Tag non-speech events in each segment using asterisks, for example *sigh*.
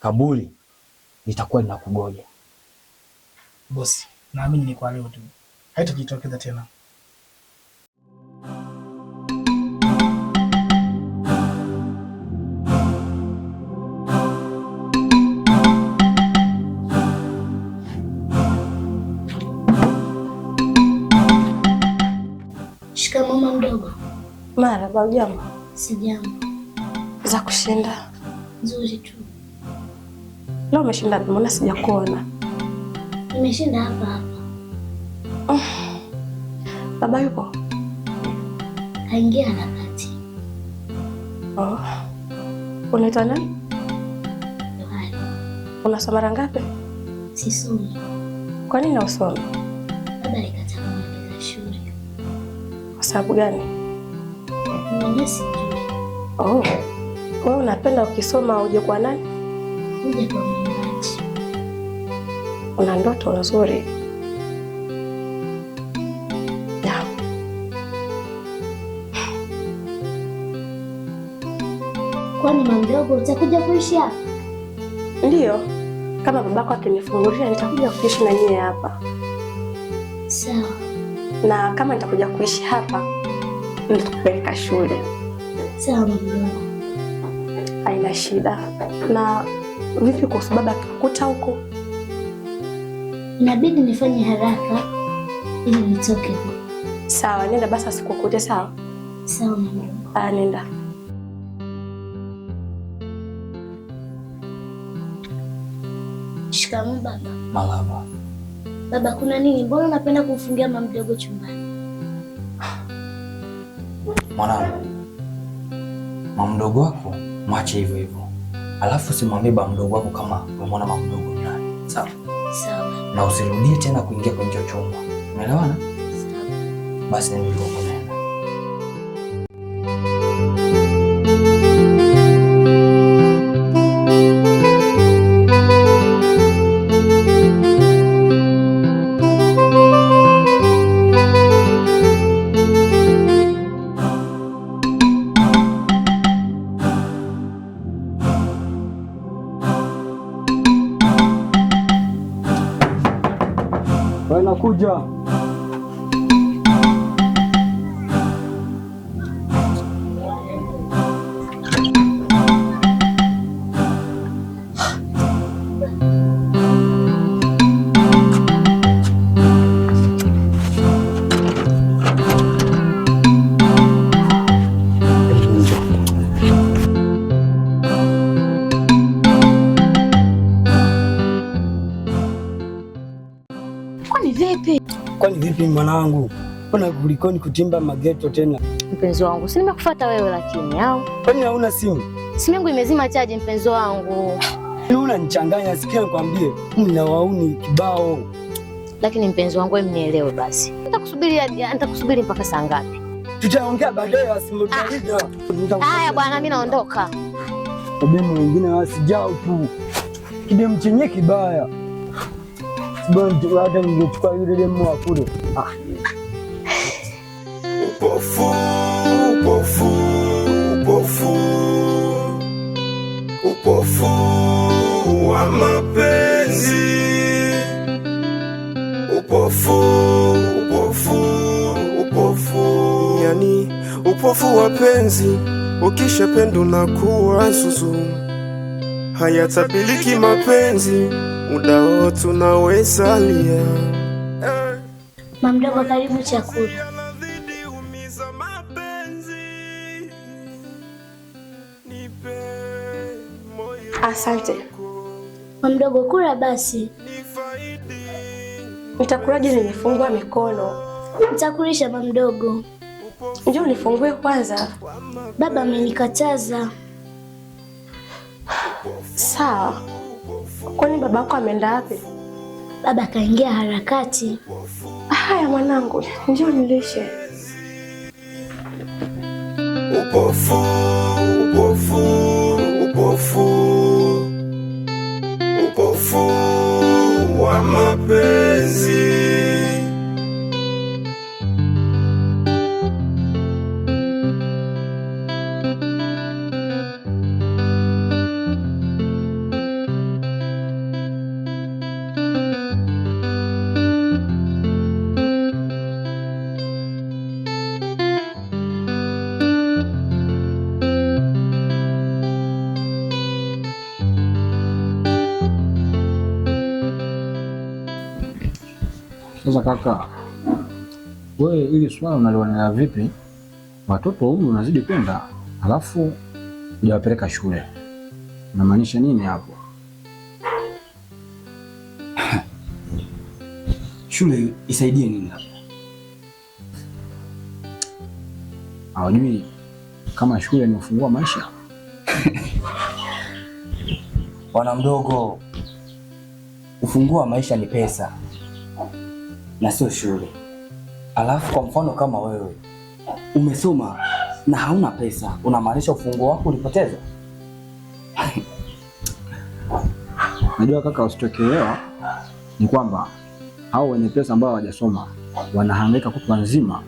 kaburi litakuwa linakugoja. Bosi, naamini ni kwa leo tu, haitajitokeza tena. Mara, mdogo. Marahaba. Ujambo? Sijambo. Za kushinda? Nzuri tu. Leo umeshinda wapi? Mbona sijakuona? Nimeshinda hapa hapa. Oh. Baba yupo? Kaingia kati. Oh. Unaitwa nani? Yohani. Unasoma la ngapi? Sisomi. Kwa nini hausomi? Baba alikataa kunipeleka shule. Kwa sababu gani? Mimi sijui. Oh. Wewe unapenda ukisoma uje kwa nani? kuja kwa mwimbaji. Una ndoto nzuri na kwani mamdogo, utakuja kuishi hapa? Ndiyo, kama babako akinifungulia nitakuja kuishi na nyie hapa sawa. Na kama nitakuja kuishi hapa nitakupeleka shule sawa, mamdogo, haina shida na Vipi kuhusu baba akikukuta huko? Inabidi nifanye haraka ili nitoke. Sawa, nenda basi asikukute. Sawa sawa, mama, nenda. Shikamu baba. Malaba. Baba, kuna nini? Mbona unapenda kumfungia mama mdogo chumbani? Mwanangu, mama mdogo wako mwache hivyo hivyo alafu simwambie ba mdogo wako kama umeona mama mdogo nani. sawa? Sawa. Na usirudie tena kuingia kwenye chumba, umeelewana? Sawa. Basi ndio Vipi mwanangu, mbona kulikoni kutimba mageto tena? Mpenzi wangu, si nimekufuata wewe lakini, au kwani hauna simu? Simu yangu imezima chaji, mpenzi wangu. nichanganya, sikia nikwambie, mna wauni kibao. Lakini mpenzi wangu, wewe mnielewe basi, nitakusubiri nitakusubiri mpaka saa ngapi? Tutaongea baadaye. Ah, haya bwana, mimi naondoka. Demu wengine wasijao tu, kidemu chenye kibaya, hata ningechukua yule demu wa kule Upofu, upofu, wa mapenzi, upofu, upofu, upofu, yani upofu wa penzi. zuzu, hayatabiliki mapenzi muda wote mdogo, karibu chakula. Asante mdogo, kula basi. Nitakulaje? nimefungua mikono. Nitakulisha mdogo. Njoo nifungue kwanza, baba amenikataza. Sawa. Kwani baba yako ameenda wapi? Baba kaingia harakati. Haya mwanangu, njoo nilishe upofu Sasa kaka, wewe ili swala unalionea vipi? Watoto huyu unazidi kwenda, alafu hujawapeleka shule, unamaanisha nini hapo? *sighs* Shule isaidie nini hapo? Hawajui kama shule ni ufungua maisha *laughs* bwana mdogo. Ufunguo maisha ni pesa na sio shule. Alafu kwa mfano kama wewe umesoma na hauna pesa, unamaanisha ufunguo wako ulipoteza? *laughs* Najua kaka, usitokelewa ni kwamba hao wenye pesa ambao hawajasoma wanahangaika kutwa nzima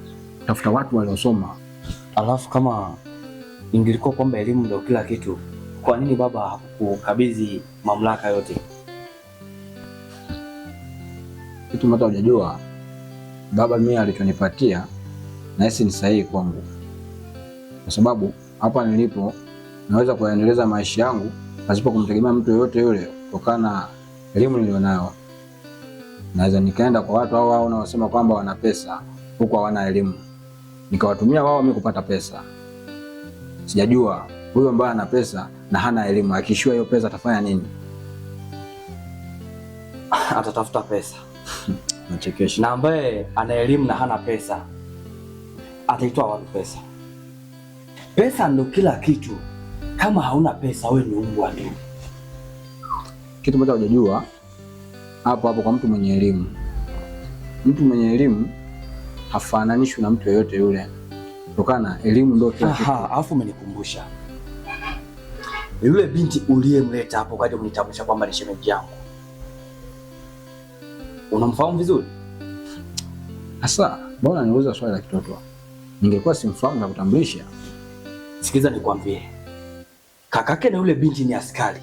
tafuta watu waliosoma. Alafu kama ingilikuwa kwamba elimu ndio kila kitu, kwa nini baba hakukukabidhi mamlaka yote? kama hata hujajua, baba mimi alichonipatia na hisi ni sahihi kwangu, kwa sababu hapa nilipo naweza kuendeleza maisha yangu pasipo kumtegemea mtu yoyote yule, kutokana na elimu nilionayo. Naweza nikaenda kwa watu hao hao wanaosema kwamba wana pesa huku hawana elimu, nikawatumia wao mimi kupata pesa. Sijajua huyo ambaye ana pesa na hana elimu, akishiwa hiyo pesa atafanya nini? Atatafuta pesa *laughs* Nachekesha. Na ambaye ana elimu na hana pesa ataitoa wapi pesa? Pesa ndo kila kitu. Kama hauna pesa, wewe ni umbwa tu. Kitu ambacho hujajua hapo hapo kwa mtu mwenye elimu, mtu mwenye elimu hafananishwi na mtu yeyote yule, kutokana elimu ndio kila kitu. Alafu umenikumbusha yule binti uliyemleta hapo kaja kunitambusha kwamba ni shemeji yangu Unamfahamu vizuri? Asa, mbona niuliza swali la kitoto? Ningekuwa simfahamu na kutambulisha. Sikiza nikwambie, kakake na yule binti ni askari.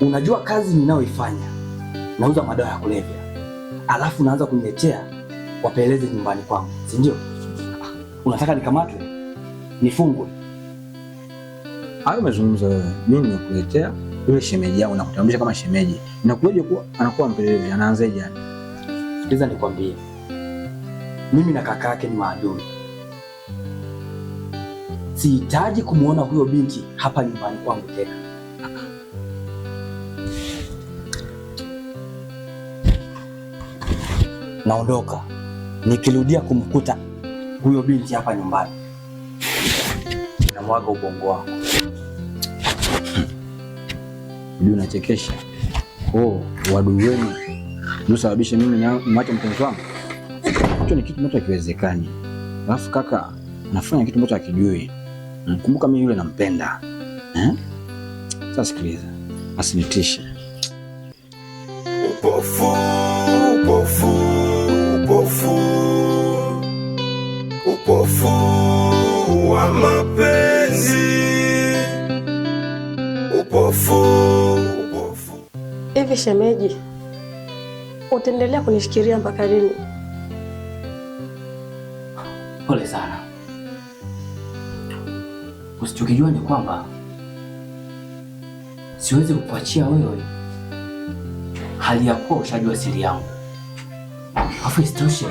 Unajua kazi ninayoifanya, nauza madawa ya kulevya, alafu naanza kuniletea wapeleze nyumbani kwangu, si ndio? Unataka nikamatwe nifungwe? Hayo umezungumza wewe. Mimi nakuletea yule shemeji yangu, nakutambulisha kama shemeji, inakuwaje kuwa anakuwa mpelelezi? Anaanzaje yani? Sikiliza nikwambie, mimi na kaka yake ni maadui. Sihitaji kumwona huyo binti hapa nyumbani kwangu tena. Naondoka. Nikirudia kumkuta huyo binti hapa nyumbani, namwaga ubongo wako. Unachekesha. Oh, wadu wenu ndio sababisha mimi mwache mpenzi wangu? Hicho ni kitu ambacho hakiwezekani. Alafu kaka anafanya kitu ambacho hakijui. mkumbuka mimi yule nampenda eh? Sasa sikiliza, asinitishe. Upofu, upofu, upofu, upofu wa mapenzi, upofu, upofu. Hivi shemeji utaendelea kunishikiria mpaka lini? Pole sana. Usichokijua ni kwamba siwezi kukuachia wewe hali ya kuwa ushajua siri yangu. Afu isitoshe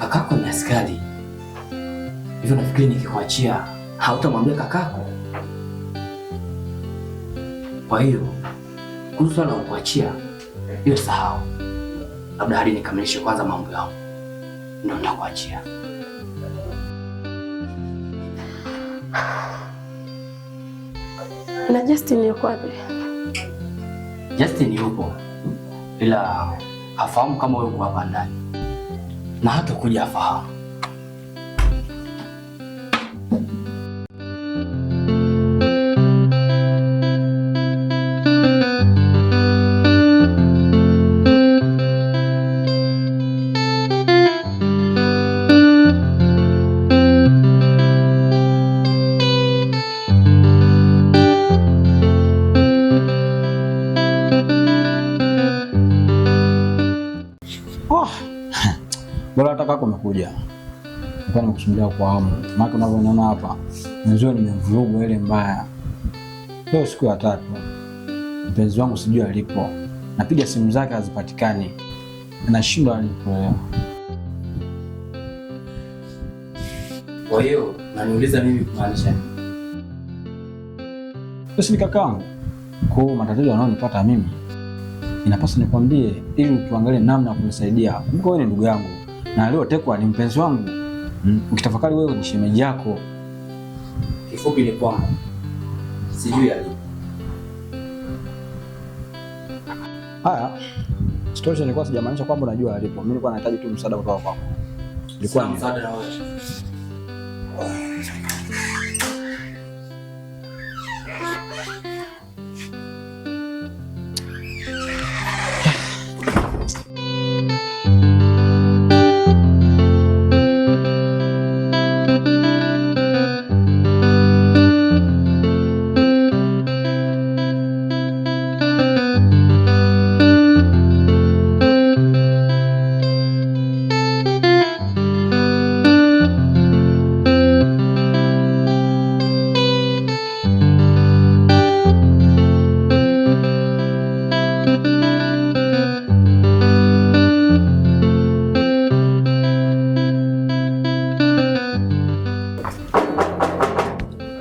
kakako ni askari, hivyo nafikiri nikikuachia hautamwambia kakako. Kwa hiyo kuhusu swala la kukuachia hiyo sahau labda hadi nikamilishe kwanza mambo yangu, ndio nitakuachia. Na Justin yuko wapi? Justin yupo, ila hafahamu kama yuko hapa ndani na hata kuja afahamu kusubiria kwa hamu, maana unavyoniona hapa mwenzio nimevuruga ile mbaya. Leo siku ya tatu, mpenzi wangu sijui alipo, napiga simu zake hazipatikani, nashindwa alikuelewa. Kwa hiyo naniuliza mimi kumaanisha si kakaangu, kwa hiyo matatizo yanayonipata mimi inapaswa nikwambie, ili tuangalie namna ya kunisaidia. Kumbuka wewe ni ndugu yangu na aliyotekwa ni mpenzi wangu. Mm. Ukitafakari wewe ni shemeji yako. Kifupi ni kwamba sijui alipo. Haya, story nilikuwa sijamaanisha kwamba unajua alipo. Mimi nilikuwa nahitaji tu msaada kutoka kwako. Ilikuwa msaada na wewe.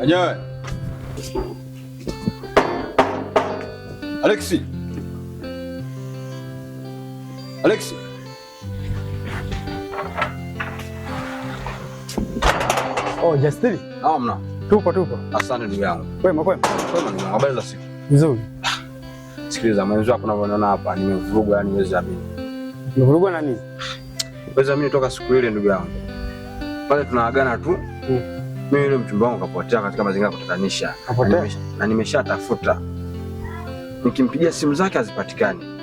Enyewe Alexi, Alexi, oh, Jastiri. Justini. Amna. Tupo tupo. Asante ndugu yangu. Kwema kwema. Kwema ndugu yangu. Habari za siku? Nzuri. Sikiliza, mwenzi wako unavyoona hapa nimevurugwa, yani wezi amini. Nimevurugwa na nini? Wezi amini toka siku ile ndugu yangu. Pale tunaagana tu. Mm mimi yule mchumba wangu kapotea katika mazingira ya kutatanisha, na nimeshatafuta nikimpigia simu zake hazipatikani.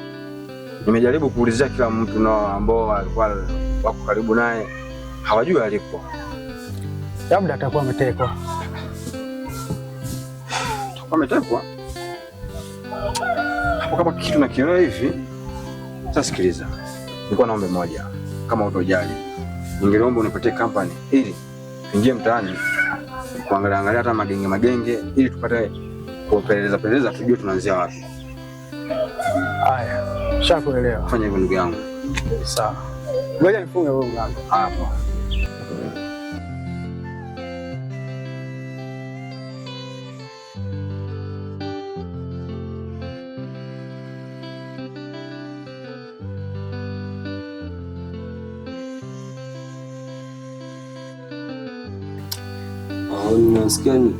Nimejaribu kuulizia kila mtu nao ambao alikuwa wako karibu naye, hawajui alipo. Labda atakuwa ametekwa. Atakuwa ametekwa hapo, kama kitu nakielewa hivi. Sasa sikiliza, nilikuwa naombe moja, kama utojali, ningeliomba unipatie kampani ili tuingie mtaani kuangalia angalia hata magenge magenge, ili tupate kupeleleza peleleza, tujue tunaanzia wapi. Haya, shakuelewa. Fanya hivyo ndugu yangu. Sawa, ngoja nifunge wewe mlango hapo. Unasikia ni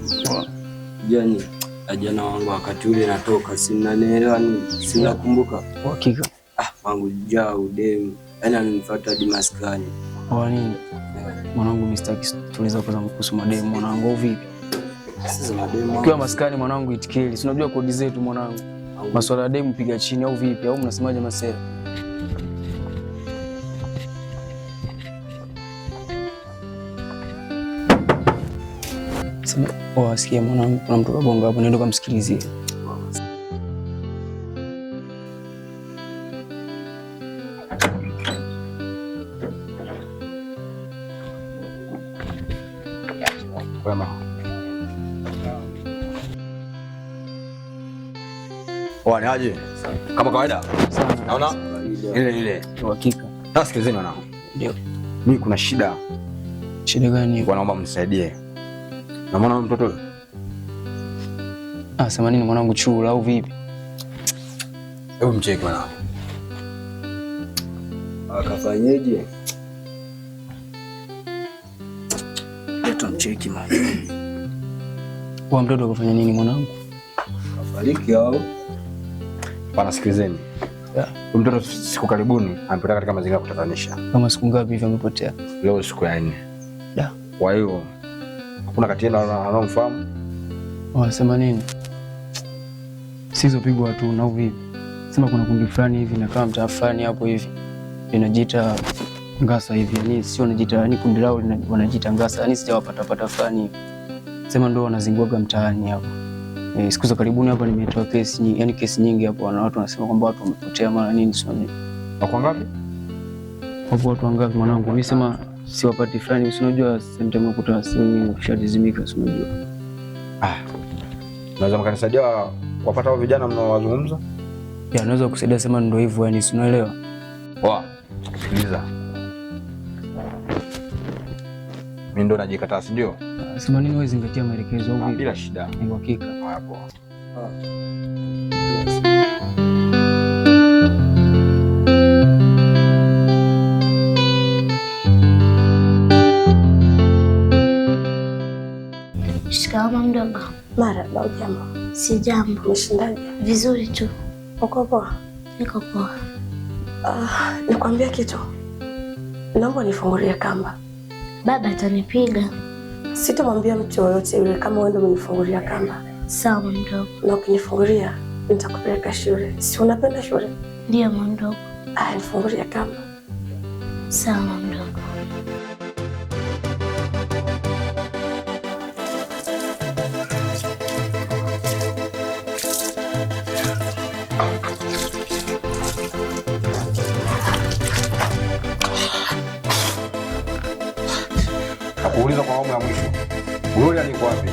jani ajana wangu wakati ule natoka, sina ni yaani sina kumbuka hakika. Ah, wangu jaa udemu, yaani ananifuata hadi maskani. Kwa mwanangu? Mimi tuliza kwanza kuhusu mademu mwanangu, au vipi? Sasa mademu kwa maskani mwanangu, itikeli si unajua kodi zetu mwanangu, masuala ya demu piga chini, au vipi? Au mnasemaje masera Wasikia mwanangu, kuna mtu wa kabonga hapo, nenda Wani Aje kama kawaida naona ile ile. Hakika sasa, sikilizeni wanangu, ndio mimi, kuna shida. Shida gani? Naomba mnisaidie na mwana mtoto? Ah, sema nini mwanangu chula au vipi? Hebu mcheke mwanangu. Akafanyeje? Leta mcheki mwana Kwa mtoto akafanya nini mwanangu? afariki au? Bana, sikilizeni. Yeah. Mtoto siku karibuni amepotea katika mazingira ya kutatanisha. Kama siku ngapi hivi amepotea? Leo siku ya nne. Da. Kwa hiyo kuna kati yenu anaomfahamu? Wanasema nini? Sizopigwa tu na vipi? Sema kuna kundi fulani hivi na kama mtaa fulani hapo hivi inajiita Ngasa hivi, yani sio najiita, yani kundi lao wanajiita Ngasa, yani sijawapata pata fulani, sema ndio wanazinguaga mtaani hapo. E, siku za karibuni hapa nimetoa kesi, yani kesi nyingi hapo, na watu wanasema kwamba watu wamepotea mara nini, sio nini. kwa ngapi? Kwa watu wangapi mwanangu? Mimi sema si wapati fulani, si unajua sometimes ukuta simu ukishazimika, si unajua. Ah, naweza mkanisaidia wapata hao vijana mnaowazungumza, naweza kusaidia sema, ndio hivyo yani, si unaelewa. Poa, sikiliza, mimi ndo najikataa, si ndio? Sema nini, wewe zingatia maelekezo au ah, bila shida. Hakika haya, Salama mdogo. Marahaba, Si jambo. Umeshindaje? Vizuri tu. Uko poa? Niko poa. Uh, ah, nikwambia kitu, naomba nifungulie kamba. Baba atanipiga. Sitamwambia mtu yoyote yule kama wewe ndio umenifungulia kamba. Sawa mdogo. Na ukinifungulia nitakupeleka shule. Si unapenda shule? Ndiyo mdogo. Ah, nifungulie kamba. Sawa mdogo. kuuliza kwa awamu ya mwisho, Gloria ni wapi?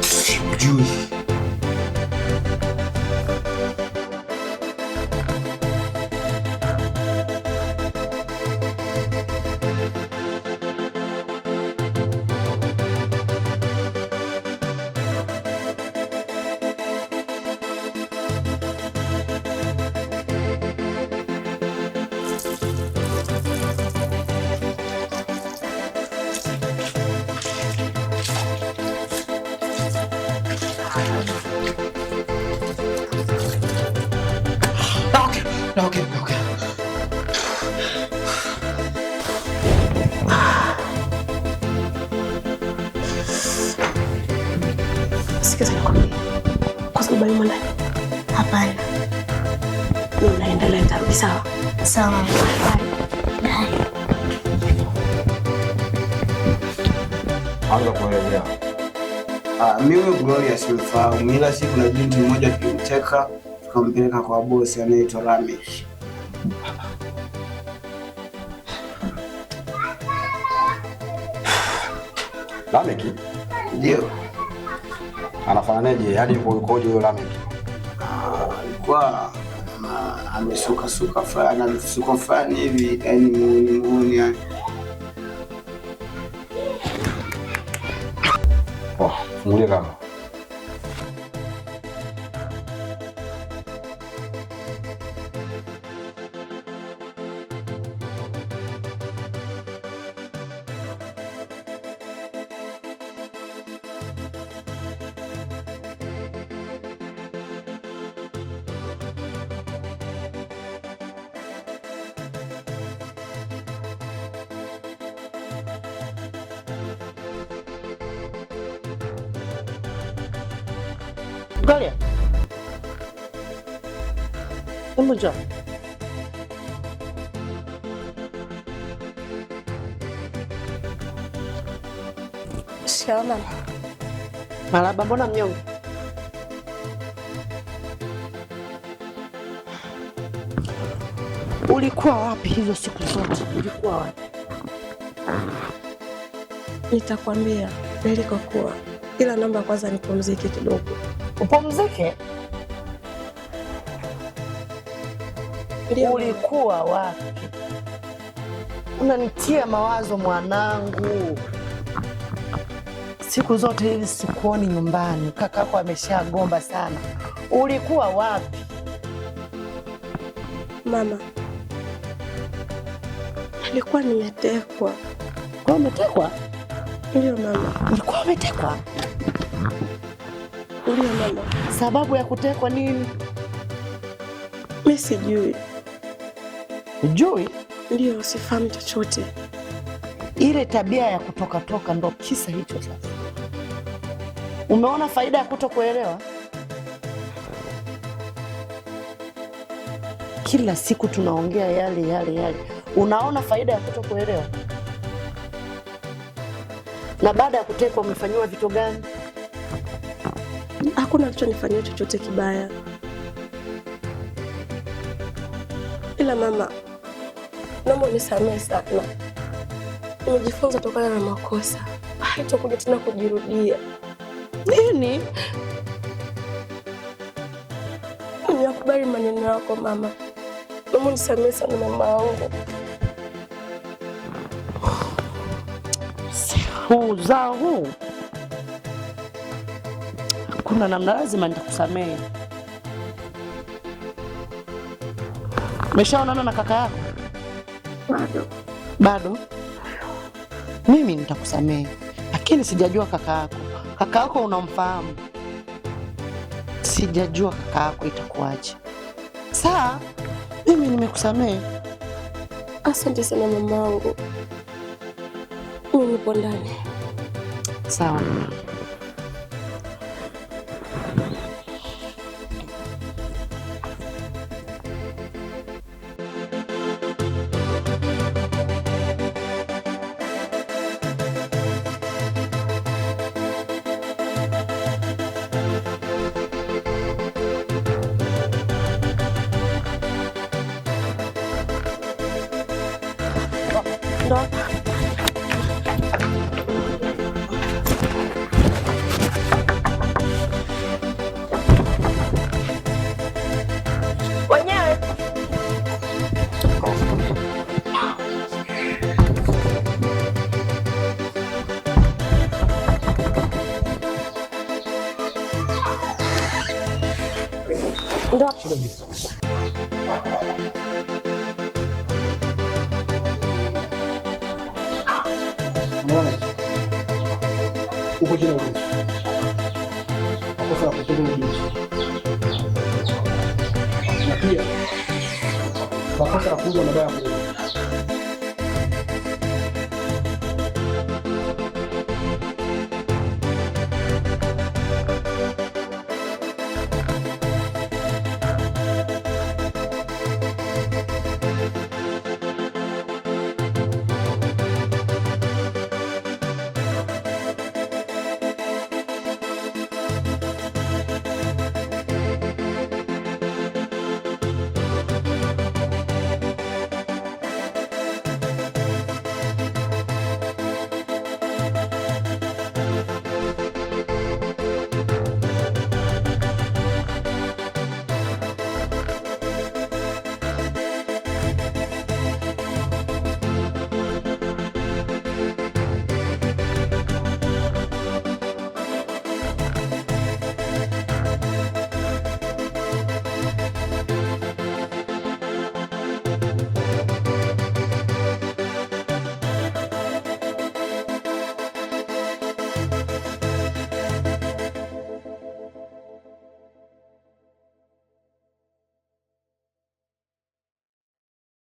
Sijui. humu ndani? Hapana. Mimi naendelea tarudi. Sawa sawa. Anza kuelezea. Ah, mimi Gloria simfahamu, ila si kuna binti mmoja tulimteka tukampeleka kwa bosi anaitwa Ramesh. Ndio anafananeje? Hadi yaani yuko yukoje huyo Lameck? Ah, alikuwa amesuka suka fulani, amesuka fulani hivi, yani muuni muuni yani. Oh, fungulie kama Angalia. Hebu njoo. Shikamoo mama. mbona mnyonge? Ulikuwa wapi hizo siku zote? Ulikuwa wapi? Nitakwambia nilikokuwa, ila namba kwanza nipumzike kidogo upumzike. Ulikuwa wapi? Unanitia mawazo mwanangu, siku zote hivi sikuoni nyumbani. Kakako ameshagomba sana. Ulikuwa wapi mama? Nilikuwa nimetekwa. Kwa umetekwa? Ndio mama, ulikuwa umetekwa. Nikuchukulie mama, sababu ya kutekwa nini? Mimi sijui. Ujui? Ndio, sifahamu chochote. Ile tabia ya kutokatoka ndo kisa hicho. Sasa umeona faida ya kutokuelewa? Kila siku tunaongea yale yale yale, unaona faida ya kutokuelewa? Na baada ya kutekwa umefanyiwa vitu gani? hakuna alichonifanyia chochote kibaya, ila mama, naomba unisamehe sana. Nimejifunza tokana na makosa, haitakuja tena kujirudia. Nini? Nimeyakubali maneno yako mama, naomba unisamehe sana mama wangu. Huu uzao huu hakuna namna, lazima nitakusamehe. Umeshaonana na kaka yako? Bado. Mimi nitakusamehe, lakini sijajua kaka yako. Kaka yako unamfahamu? Sijajua kaka yako itakuwaje. Saa mimi nimekusamehe. Asante sana mamangu, mimi nipo ndani. Sawa. どならないですこが広がるおそらくここもいいでしょなクリアバカさらほぼ長いほど